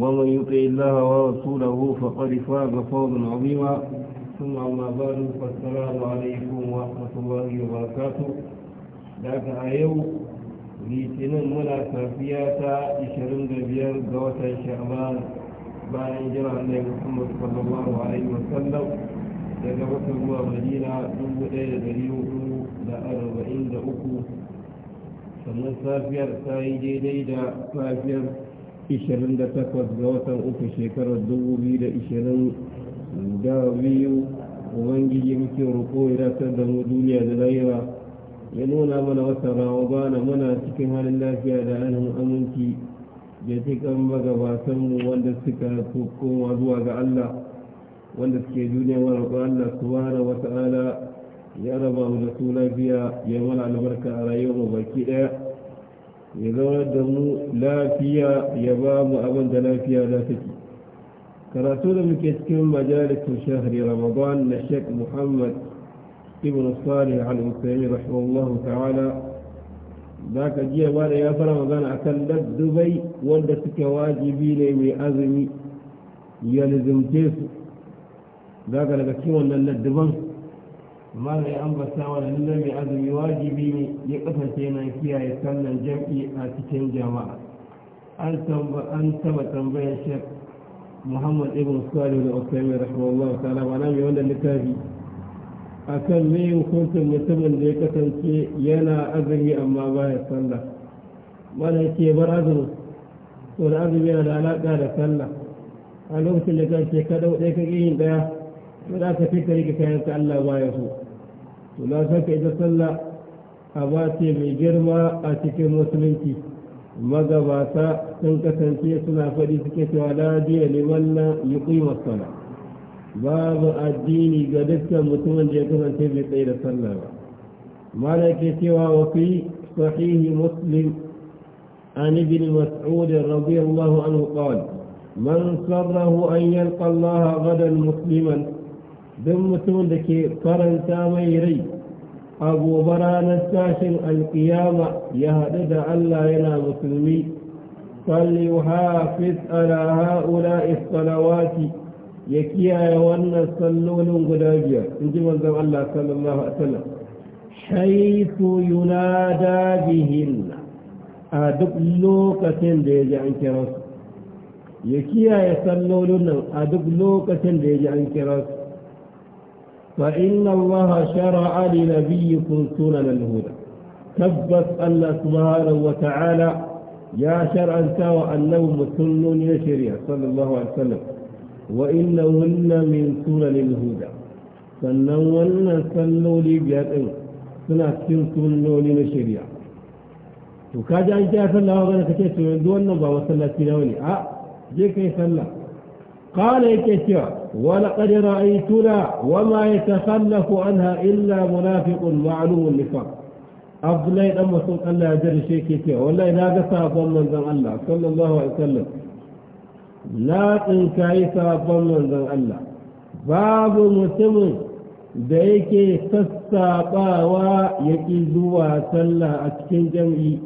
ومن يطع الله ورسوله فقد فاز فوزا عظيما ثم أما بعد فالسلام عليكم ورحمة الله وبركاته لك أيو litinin muna safiya ta 25 ga watan sha'ban bayan jira annai muhammad sallallahu alaihi wasallam daga wata zuwa madina uku sannan safiyar ta yi daidai da safiyar 28 ga watan uku shekarar 2020 da biyu ubangiji muke roƙo ya ratar da mu duniya da lahira ya nuna mana wata rawa muna cikin halin lafiya da halin aminci da cikin magabatanmu wanda suka koma zuwa ga Allah wanda suke duniya wa roƙo Allah subhanahu wata'ala ya raba mu da su lafiya ya mana albarka a rayuwar mu baki ɗaya ya zama da mu lafiya ya ba mu abin da lafiya za ta ke karatu da muke cikin majalisar shahari ramadan na sheikh muhammad ibn salih al-usaimi rahimahullahu ta'ala za ka jiya ya bada ya fara magana akan dubai wanda suke wajibi ne mai azumi ya lizimce su za ka daga cikin wannan ladduban ما لا ينبتا ولا لم يعزم واجبي يقفل تينا كيا يسمى الجمعي آتكين جماعة أن تم تنبيه الشيخ محمد ابن صالح الأسلامي رحمه الله تعالى ونام يولد لكافي أكل لي وكنت متمن ليكة ينا أذري أما باهي صلى ولا يتيبر أذره ولا أذري أنا لا قال صلى a lokacin da kan shekaru ɗaya ka ƙi yin ɗaya to za ka fi ka rike kayan ka Allah ba ya so ولا إذا صلى أباتي بجرما أتيك مسلمتي مدى باتا سنك سنتي سنة فريسك تعلادي لمن يقيم الصلاة باب الدين قدسك متون جيكم أن تبني قيل صلى مالك سوى وفي صحيح مسلم عن ابن مسعود رضي الله عنه قال من سره أن يلقى الله غدا مسلما don mutum da ke faranta mai rai a gobe ranar tashin alkiyama ya haɗu da Allah yana musulmi sallu hafiz ala ha'ula istalawati ya kiyaye wannan sallolin guda biyar in ji manzan Allah sallallahu alaihi wasallam shaitu yunada bihinna a duk lokacin da ya ji an kira su ya kiyaye sallolin nan a duk lokacin da ya ji an kira su فإن الله شرع لنبيكم سنن الهدى ثبت الله سبحانه وتعالى يا شرعا سوى أنه سنن يشريع صلى الله عليه وسلم وإنهن من سنن الهدى سنون سنولي بيدئن سنة لي نشريع وكاجا إن جاء صلى الله عليه وسلم كتير سنولي دون نبا وصلى وسلم أه جيك يا صلى الله qala ke cewa wani ƙarira a yi tuna wama ya ta sallafu an ha illa munafiƙun ma'alumun nifan abdullahi dan mutum allah ya jari ke cewa na ga sabon manzon allah na tsinkayi sabon manzon allah babu mutumin da yake sassaɓawa ya ƙi zuwa sallah a cikin jam'i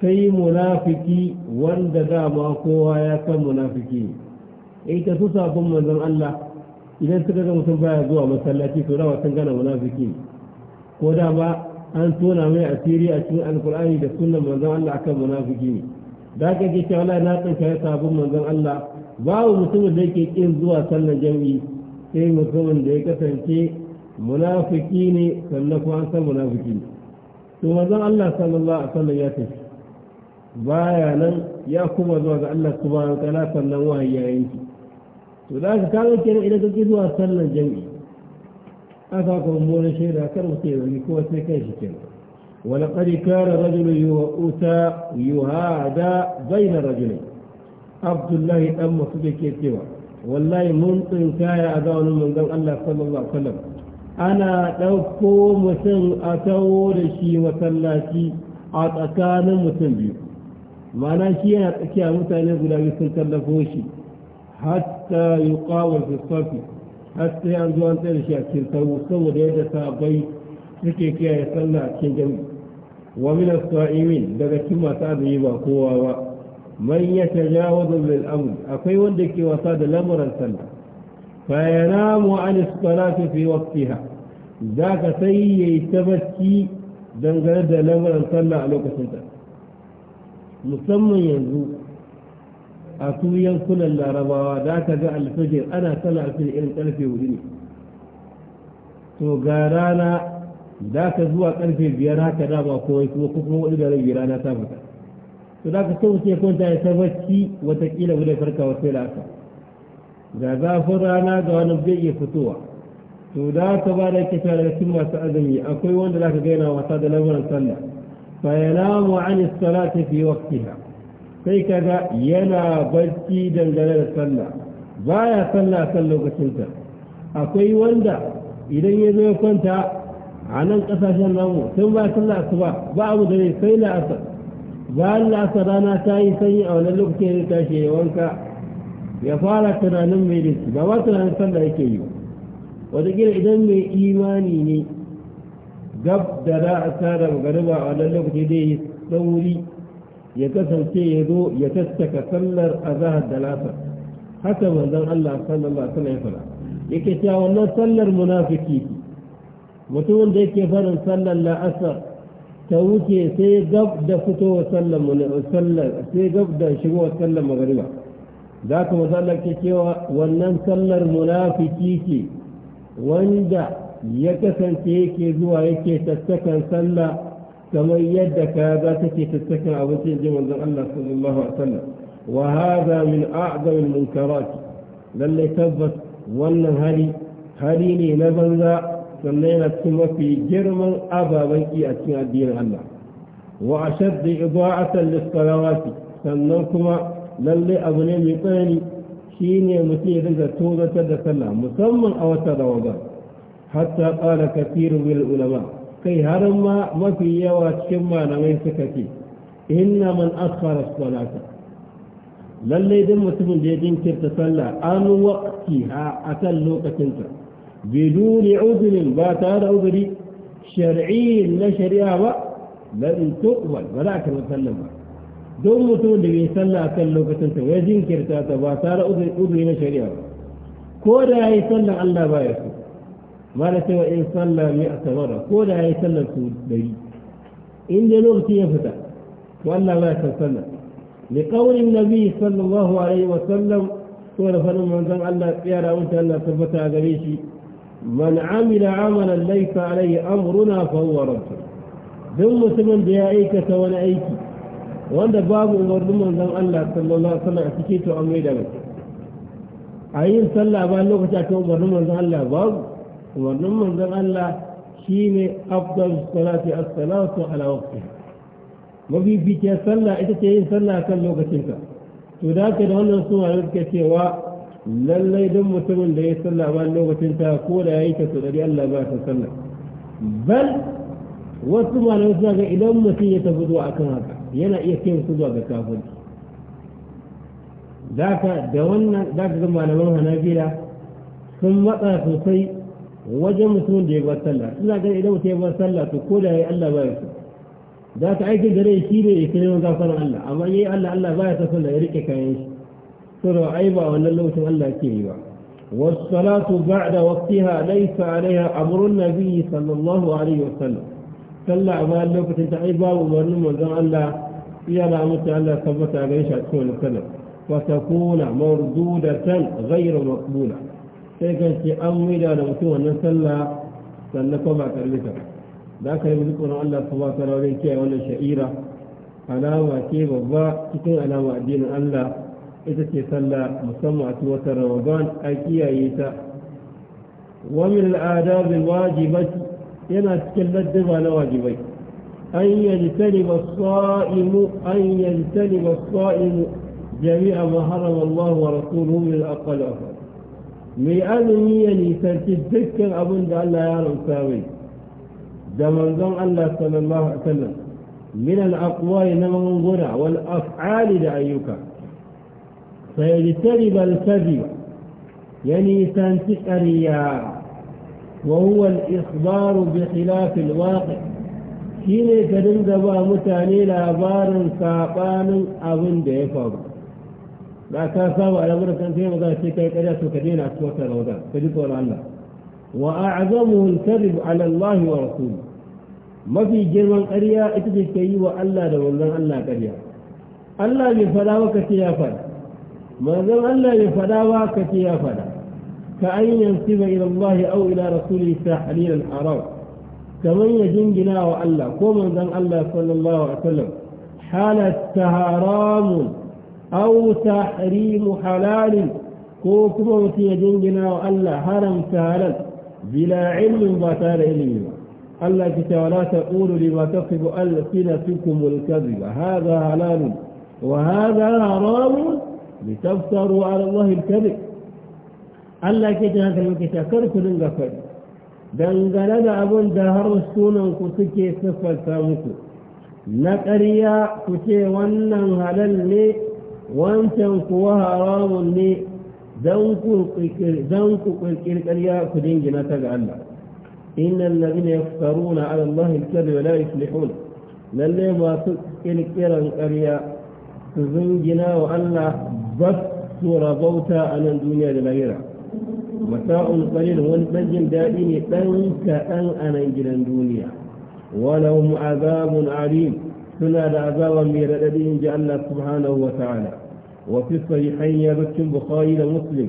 sai munafuki wanda dama kowa ya san munafuki. ita eh, su sabon manzon Allah idan suka ga mutum baya zuwa masallaci to dama sun gana munafiki ko da ba an tona mai asiri a cikin alkur'ani da sunnan manzon Allah akan munafiki ne da aka ke cewa na tsinka sabon manzon Allah babu mutumin da yake kin zuwa sallar jami'i sai mutumin da ya kasance munafiki ne sannan kuma an san munafiki ne to manzon Allah sallallahu alaihi wasallam ya tafi baya nan ya kuma zuwa ga Allah subhanahu wa ta'ala sannan wahayi ya yanki to da ka kawo kenan idan ka zuwa sallar jami'i aka ka mummunan shaida kar mutum ya zagi kowa sai kai shi kenan ولقد كان رجل يؤتى يهادى بين رجلين عبد الله دان مسعود ke cewa wallahi mun tsinkaya a zaunin manzon Allah sallallahu alaihi wasallam ana ɗauko mutum a tawo da shi masallaci a tsakanin mutum biyu ma'ana shi yana tsakiya mutane guda biyu sun tallafo shi har hatta yi kawon fiskofi har sai an zo an tsaye shi a cikin sahu saboda yadda sabai suke kiyaye sallah a cikin jami'i wa min as-sa'imin daga cikin masu azumi ba kowa ba man yatajawazu bil amr akwai wanda ke wasa da lamuran sallah fa yanamu an as-salati fi waqtiha zaka sai yayi tabacci dangane da lamuran sallah a lokacin ta musamman yanzu a su yankunan larabawa za ka ga alfajir ana sana alfajir irin karfe wuri ne to ga rana za ka zuwa karfe biyar haka dama kowai kuma kuma wani da rabi rana ta fita to za ka so ce kwanta ya tabbaci watakila wani farka wasu la'asa ga zafin rana ga wani zai iya fitowa to da ka ba da yake daga cikin masu azumi akwai wanda za ka gaina wasa da lamuran sallah fa yanamu an salati fi waqtiha sai kaga yana barci dangane da sallah baya sallah kan lokacinsa akwai wanda idan ya zo ya kwanta a nan kasashen namu tun ba sallah su ba ba abu da ne sai la'asar bayan la'asar rana ta yi sanyi a wannan lokacin ya tashi ya wanka ya fara tunanin mai rinci ba ba tunanin sallah yake yi wataƙila idan mai imani ne gab da za a tsara magariba a wannan da zai yi tsauri ya kasance ya zo ya tattaka sallar azahar da lasar haka manzon Allah sallallahu alaihi wasallam yake cewa wannan sallar munafiki mutumin da yake farin sallar la'asar ta wuce sai gab da fitowa sallar sallar sai gab da shigowa sallar magariba za ka masallar ke cewa wannan sallar munafiki ce wanda ya kasance yake zuwa yake tattakan sallah كما يد كاباتك تتكن أبو سيد من الله صلى الله عليه وسلم وهذا من أعظم المنكرات للي تبت ولا هلي هلي لي نبلا سنين السماء في جرم أبا بيكي أتنى الدين الله وأشد إضاعة للصلوات سنوكما للي أظلم يطيني شيني مسيح رزا تودة تدى سلام مصمم أو تدى حتى قال كثير من العلماء kai har ma mafi yawa cikin malamai suka ce inna man akhara salata lalle din mutumin da ya jinkirta sallah an waqtiha akan ta bidun udrin ba ta da udri shar'i na shari'a ba la in tuqbal ba za ka sallah ba don mutum da ya sallah akan ta ya jinkirta ta ba ta da udri na shari'a ko da yayi sallah Allah ba ya so مالتي وإن إيه صلى مئة مرة كل آية صلى سوري إن جنوبتي يفتع وأن ما تصلى لقول النبي صلى الله عليه وسلم سورة فنم من زم الله يا رأونت أن صفتا قريشي من عمل عملا ليس عليه أمرنا فهو ربك ثم سمن بيائيك سوان أيكي وأن باب أمر من زم الله صلى الله عليه وسلم اعتكيت أمري لك أين صلى أبا اللغة أمر من زم الله باب umarnin manzon Allah shine afdal salati as-salatu ala waqtiha mafificiyar sallah ita ce yin sallah kan lokacinka to da haka da wannan suna da suka cewa lallai don mutumin da ya sallah ba lokacinta ko da ya yi ta su dari Allah ba ta sallah bal wasu malamai suna ga idan mutum ya tafi zuwa akan haka yana iya kai su zuwa ga kafin zaka da wannan zaka ga malaman hanabila sun matsa sosai wajen mutumin da ya bar sallah ina ga idan mutum ya bar sallah to ko da ya Allah ba ya so za ka aiki da rai shi ne ya kai yawan gafara Allah amma ya yi Allah Allah ba ya ta sallah ya rike kayan shi to da ai ba wannan lokacin Allah ke yi ba والصلاة بعد وقتها ليس عليها أمر النبي صلى الله عليه وسلم صلى ما لوكة تعيبا ومرن مزان الله يلا أمت الله ثبت عليه شعبه وسلم وتكون مردودة غير مقبولة sai kan ce an maida da mutum wannan sallah sannan kuma ba karbi da aka yi tsoron Allah subhanahu wa ta'ala wajen kiyaye wannan sha'ira alama ce babba cikin alama addinin Allah ita ce sallah musamman a cikin watan Ramadan a kiyaye ta wa min al-adab al-wajibat yana cikin ladduba na wajibai an yajtaniba as-sa'imu an yajtaniba as-sa'imu jami'a ma harama Allah wa rasuluhu min al-aqwal mai azumi ya nisanci dukkan abin da Allah ya rauta mai da manzon Allah sallallahu alaihi wasallam min al-aqwali na mangura wal af'ali da ayyuka فيجتنب الكذب يعني تنتقريا وهو الإخبار بخلاف الواقع شيني كدن دبا متاني لابار ساقان أبن ديفر da ka saba al'amuran kan sai magana sai kai ƙarya to ka daina a cikin wannan ramadan ka ji tsoron Allah wa a'zamuhu al-kadhib 'ala Allah wa rasuli mafi girman ƙarya ita ce kai wa Allah da wannan Allah ƙarya Allah bai fada ba ka ce ya fada manzon Allah bai fada ba ka ce ya fada ka an yansiba ila Allah aw ila rasuli tahlil al-haram kaman ya jingina wa Allah ko manzon Allah sallallahu alaihi wasallam halat haramun أو تحريم حلال كوكب في جنجنا وألا حرم سهلا بلا علم بطال علم ألا كتاب لا تقول لما تقف ألسنتكم الكذب هذا حلال وهذا حرام لتفتروا على الله الكذب ألا كتاب هذا الكتاب لنغا فدي أبن دهر abin da سفل sunanku نقريا siffarta muku na ƙarya wannan وانتم قواها رام لي ذنك قلقلك اليا كدين جناتك ألا إن الذين يفترون على الله الكذب لا يفلحون للي ما تكلك اليا كدين جنا وألا بس سورة بوتا على الدنيا لغيرها متاع قليل والمجن دائم تنك أن أنا الدنيا ولهم عذاب عليم سنا لعذا ومير الذين جعلنا سبحانه وتعالى وفي الصحيحين يبت بخاري مسلم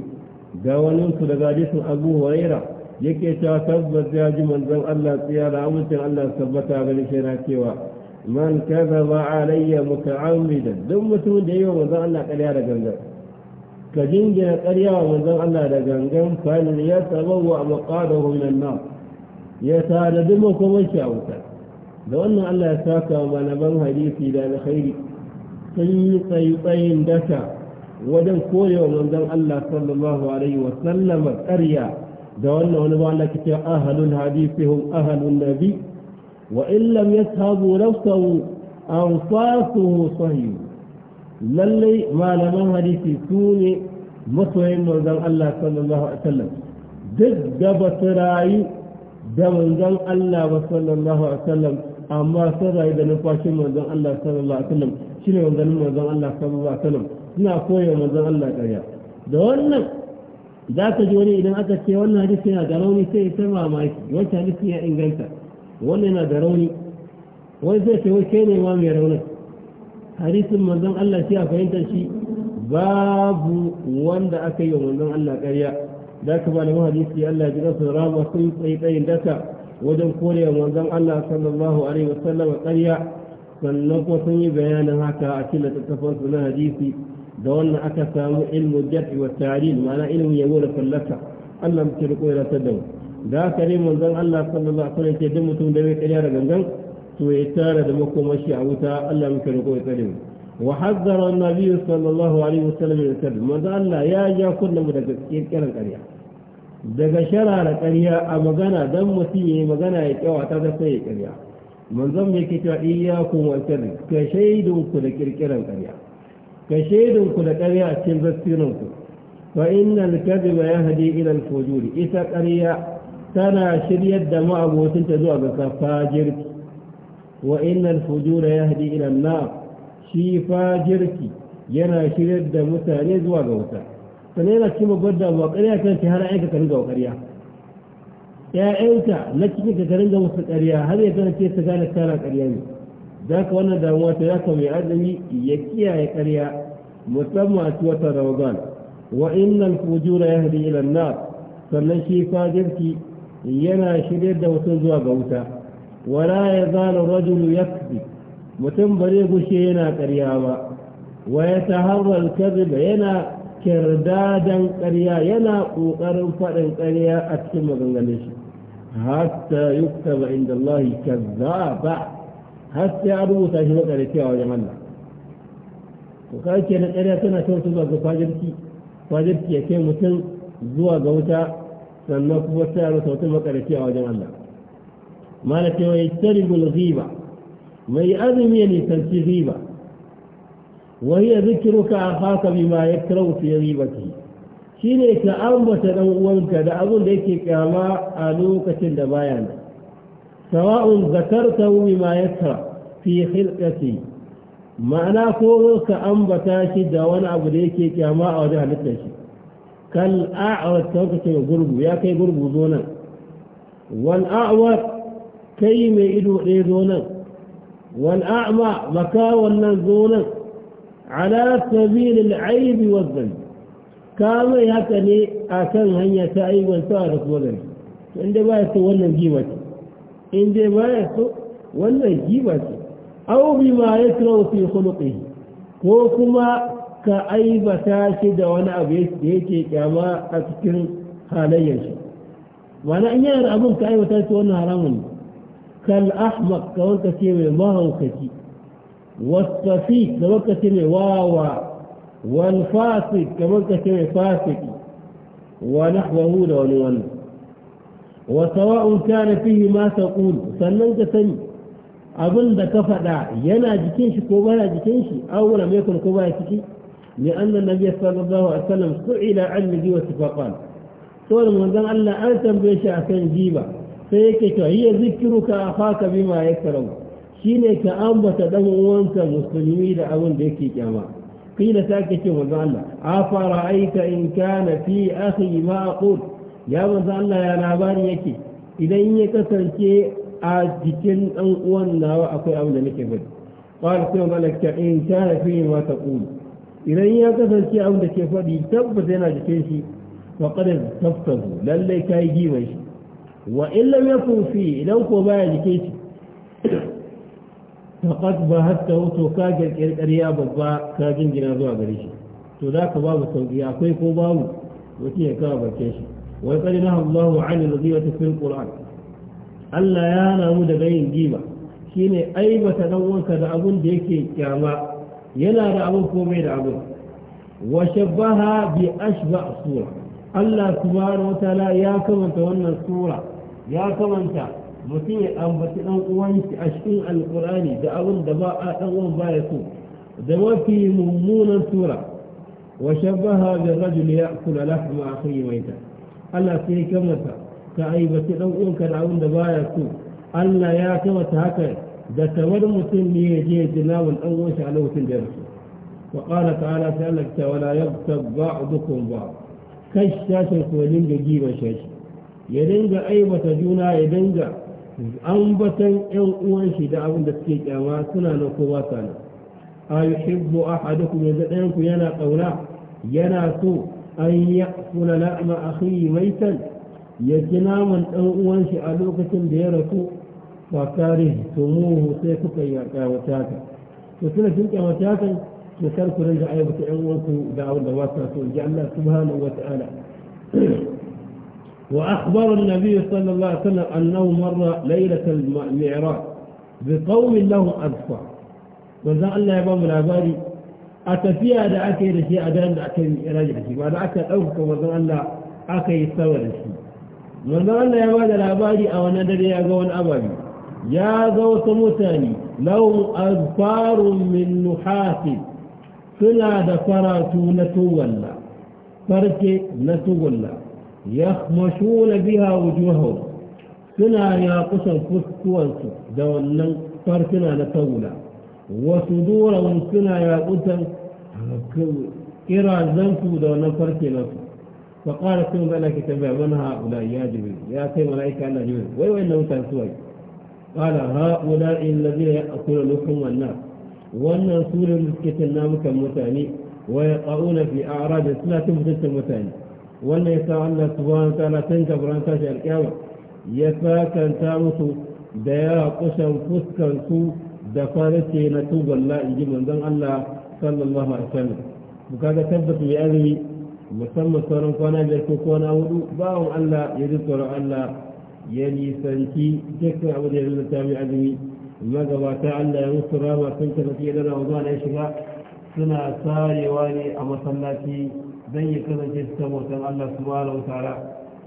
داوان انت لغاليس ابو هريرة يكي تاتب الزياج من زو الله سيارة عمت الله سبتا من شراكيوا من كذب علي متعمدا دم تون ديو من زو الله قليا رجل كجنجنا قليا من زو الله رجل فان يتبوأ مقاده من النار يتالدمكم الشعوتات da wannan Allah ya saka wa malaman hadisi da alkhairi sun yi tsayi daka wajen korewa manzon Allah sallallahu alaihi wa sallam ƙarya da wannan wani ba Allah ke cewa ahlul hadisi hum ahlun nabi wa in lam yashabu nafsahu anfasuhu sahih lalle malaman hadisi su ne masoyin manzon Allah sallallahu alaihi wa sallam duk da ba su rayu da manzon Allah sallallahu alaihi wa sallam amma sun rayu da numfashin manzon Allah sallallahu alaihi wasallam shine manzon manzon Allah sallallahu alaihi wasallam suna koya manzon Allah ƙarya da wannan za ka ji wani idan aka ce wannan hadisi yana da rauni sai ya sai mamaki wancan hadisi ya inganta wannan yana da rauni wani zai ce wai ne ma mai raunin hadisin manzon Allah shi a fahimtar shi babu wanda aka yi wa manzon Allah ƙarya da ka ba da mahadisi Allah ya ji ƙasa rama sun tsaye tsaye daka wajen korewa manzon Allah sallallahu alaihi wasallam ƙarya sannan kuma sun yi bayanin haka a cikin littattafan su na hadisi da wannan aka samu ilmu jar'i wa ta'lil ma'ana ilmin yabo da fallaka Allah mutum ko ya ta dawo da haka ne manzon Allah sallallahu alaihi wasallam ce duk mutum da bai ƙarya da gangan to ya tara da makomashi a wuta Allah mutum ko ya tsare mu وحذر النبي صلى الله عليه وسلم من الكذب ماذا الله يا جا كنا من الكذب كذب daga shara da ƙarya a magana don mutum ya yi magana ya kyawa ta da sai ya ƙarya manzon mai kita iya kun wancan ka shaidunku da ƙirƙiran ƙarya ka shaidunku da ƙarya a cikin zastirinku fa inna alkadiba ya hadi ila alfujuri ita ƙarya tana shiryar da ma'abocinta zuwa ga fajirki wa inna alfujura ya hadi ila an shi fajirki yana shiryar da mutane zuwa ga wuta فليلة كيما بدا باب إليا كانت هلا عيكا يا إيوتا لكيكا كرنجا وكريا هل يكن كيس كان ذاك وانا ذاك ومعدني يكيا يكريا مطمع سوطة روغان وإن الفجور يهدي إلى النار فمن فلنشي فاجرتي ينا شديد وتنزوا بوتا ولا يزال الرجل يكذب متم بريغ شينا كرياما ويتهرى الكذب ينا kirdadan ƙarya yana ƙoƙarin faɗin ƙarya a cikin maganganun shi hatta yuktaba inda Allah kazzaba har sai an rubuta shi makarfi a wajen Allah to kai ke na ƙarya tana kai zuwa ga fajirki fajirki ya kai mutum zuwa ga wuta sannan kuma sai an rubuta mutum makarfi a wajen Allah malaka wa yastaribu al-ghiba mai azumi ne tanti ghiba وهي ya أخاك بما يكره في غيبته shine ka ambata dan uwanka da abun da yake kyama a lokacin da baya nan sawa'un zakarta bima yakra fi khilqati ma'ana ko ka ambata shi da wani abu da yake kyama a wajen halittar shi kal a'wat ka ce gurbu ya kai gurbu zo nan wal a'wat kai mai ido ɗaya zo nan wal a'ma makawan nan zo nan ala sabilil aibi wa zanni ka mai ne a kan hanya ta aiwantawa da kuma gani inda ba ya so wannan giba ce inda ba ya so wannan giba ce au bi ma ya tura fi hulƙi ko kuma ka aibata shi da wani abu da yake kyama a cikin halayyar shi wani an yana abin ka aibata shi wannan haramun ne kal ahmaq ka wanka ce mai mahaukaci والصفي كما كتب fasiki? والفاسد كما da wani wani. لون ون وسواء كان فيه ما تقول ka sani abin da ka faɗa yana jikin shi ko baya jikin shi awwala mai kun ko baya ciki ne annan nabi sallallahu alaihi wasallam su'ila an jiwa tifaqan saboda manzon Allah an tambaye shi akan jiba sai yake cewa hiya zikruka akhaka bima yakrahu Shi ne ka ambata dan uwanka musulmi da abin da yake kyama kila ke ce manzo Allah a fara aika in kana fi akhi ma aqul ya manzo Allah ya labari yake idan ya kasance a jikin dan uwan nawa akwai abin da nake bari, qala sai manzo Allah in kana fi ma taqul idan ya kasance abin da ke faɗi tabbata yana jikin shi faqad taftahu lalle kai giban shi wa in lam yakun fi idan ko baya jikin shi faqad ba hatta wato ka girkir ƙarya babba ka jingina zuwa gare shi to za ka babu sauki akwai ko babu mutum ya kawo barke shi wai kadi na Allahu an al wata fil Qur'an Allah ya namu mu daga yin giba shine aibata dan wanka da abun da yake kyama yana da abun ko bai da abun wa shabbaha bi ashba sura Allah subhanahu wa ta'ala ya kamanta wannan sura ya kamanta mutum ya ambaci ɗan uwanci a cikin alkurani da abin da ba a ɗan uwan baya so da mafi mummunan tura wa shabbaha da rajul ya kula a lahma akhi maita Allah sai kamata ka aibaci ɗan uwanka da abin da baya so Allah ya kamata haka da kamar mutum ne ya je jinawan ɗan uwan shi a lokacin da ya rasu wa ta ala sai Allah ta wala ya ta ba a dukkan ba kai shi shashin ko dinga giba shi ya dinga aibata juna ya dinga ambatan yan uwan shi da abin da suke kyama suna na kowa sana a yuhibbu ahadukum yanzu ɗayan ku yana ƙauna yana so an ya kuna la'ama akhihi maitan ya ci naman ɗan uwan shi a lokacin da ya rasu ba kare tumuhu sai kuka yi kyamata ka to suna sun kyamata kan to kar ku rinda aibata yan uwanku da abin da ba sa so ji Allah subhanahu wa ta'ala وأخبر النبي صلى الله عليه وسلم أنه مر ليلة المعراج بقوم لهم أبصار وزع الله يبام العباري فيها دا إلى شيء أدان دا أكي شيء شي وأنا أكي أوفك وزع الله أكي يستوى رشي وزع الله يبام العباري أو ندري يقون أبابي يا ذوت متاني لهم أبصار من نحاس سنا دفراتو نتولى فرك نتولى يخمشون بها وجوههم سنا يا قصر فسكوانس دولن فرسنا نتولا وصدورهم سنا يا قصر كرا زنسو دولن فرسنا فقال ثم ملك تبع من هؤلاء يا جبريل يا سيد ملائكة الله جبريل ويوينه تنسوي قال هؤلاء الذين يأكلون لحوم الناس وأن سورة مسكة النام كالمتاني ويقعون في أعراض سنة تفضل المتاني wanda ya sa Allah subhanahu wataala tun jagoran tashi alƙiyama ya sakanta musu da ya kushen fuskansu da farce na tuballa in ji manzon Allah sallallahu alaihi wasallam ku kaga tabbata ya azumi musamman sauran kwana biyar ko kwana hudu bawan Allah ya ji tsoron Allah ya nisanci dukkan abu da ya lalata mai azumi magabata Allah ya musu rama sun tafi da na wuzuwa da ya shiga suna sarewa ne a masallaci don ya kasance cikin hoton Allah subhanahu wa ta'ala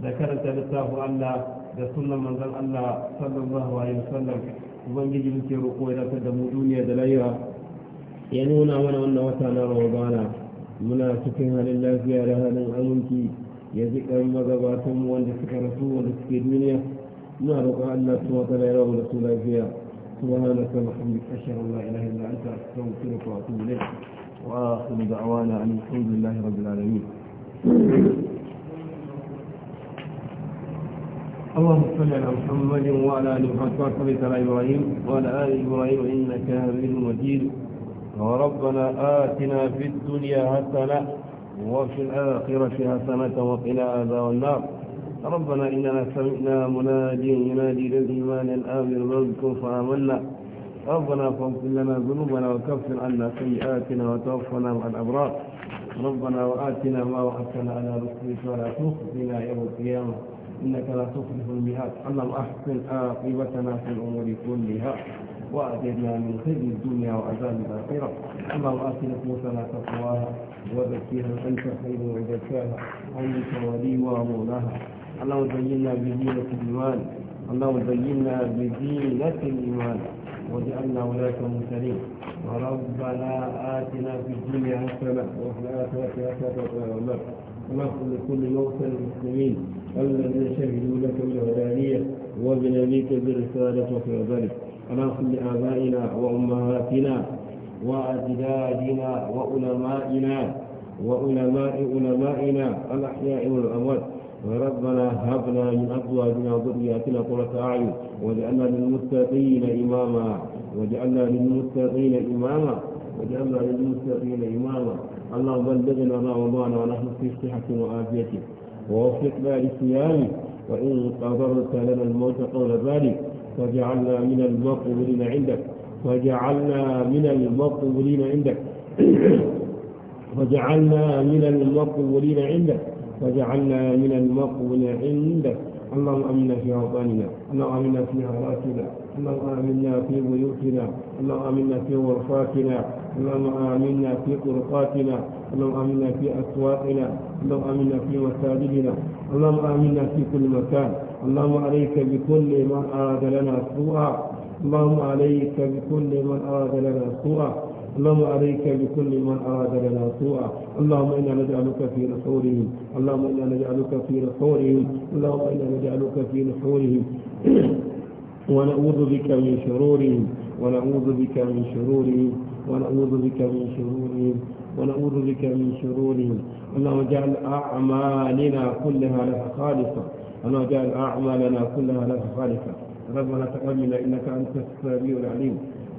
da karanta littafin Allah da sunan manzon Allah sallallahu alaihi wasallam ubangiji muke roƙo ya dace da mu duniya da layya ya nuna mana wannan wata na ramadana muna cikin halin lafiya da halin aminci ya ji ɗan magabatan mu wanda suka rasu wanda suke duniya muna roƙon Allah su wata na yawa da su lafiya subhanaka wa bihamdika ashhadu an la ilaha illa anta astaghfiruka wa atubu ilayk وآخر دعوانا أن الحمد لله رب العالمين اللهم صل على محمد وعلى آل محمد كما صليت على إبراهيم وعلى آل إبراهيم إنك حميد مجيد وربنا آتنا في الدنيا حسنة وفي الآخرة حسنة وقنا عذاب النار ربنا إننا سمعنا مناديا ينادي للإيمان الآمن ربكم فآمنا ربنا فاغفر لنا ذنوبنا وكفر عنا سيئاتنا وتوفنا مع الأبرار ربنا وآتنا ما وعدتنا على رسلك ولا تخزنا يوم القيامة إنك لا تخلف المهاد اللهم أحسن عاقبتنا في الأمور كلها وأجرنا من خزي الدنيا وعذاب الآخرة اللهم آت نفوسنا تقواها وزكيها أنت خير وزكاها أنت ولي ومولاها اللهم زينا بزينة الإيمان اللهم زينا بزينة الإيمان وجعلنا ولاة المرسلين وربنا آتنا في الدنيا حسنة وفي الآخرة حسنة وقنا واغفر لكل موتى المسلمين الذين شهدوا لك بالهدانية وبنبيك برسالة وفي ذلك اللهم صل لآبائنا وأمهاتنا وأجدادنا وعلمائنا وعلماء علمائنا الأحياء والأموات ربنا هب لنا من أزواجنا وذرياتنا قرة أعين واجعلنا للمتقين إماما واجعلنا للمتقين إماما واجعلنا للمتقين إماما اللهم بلغنا رمضان ونحن في صحة وعافية ووفقنا لصيام وإن قدرت لنا الموت قبل ذلك واجعلنا من المقبولين عندك واجعلنا من المقبولين عندك واجعلنا من المقبولين عندك واجعلنا من المقبول عندك اللهم امنا في اوطاننا اللهم امنا في حياتنا اللهم امنا في بيوتنا اللهم امنا في غرفاتنا اللهم امنا في طرقاتنا اللهم امنا في اسواقنا اللهم امنا في مساجدنا اللهم امنا في كل مكان اللهم عليك بكل من اراد لنا سوءا اللهم عليك بكل من اراد لنا سوءا اللهم عليك بكل من أراد لنا سوءا اللهم إنا نجعلك في نحورهم اللهم إنا نجعلك في نحورهم اللهم إنا نجعلك في نحورهم ونعوذ بك من شرورهم ونعوذ بك من شرورهم ونعوذ بك من شرورهم ونعوذ بك من شرورهم اللهم اجعل أعمالنا كلها لك خالصة اللهم اجعل أعمالنا كلها لك خالصة ربنا تقبل إنك أنت السميع العليم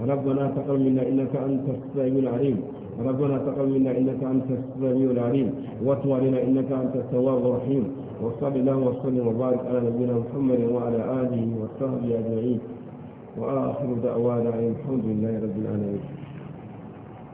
ربنا تقبل منا إنك أنت السميع العليم ربنا تقبل منا إنك أنت السميع العليم واتوب علينا إنك أنت التواب الرحيم وصلى الله وسلم وبارك على نبينا محمد وعلى آله وصحبه أجمعين وآخر دعوانا أن الحمد لله رب العالمين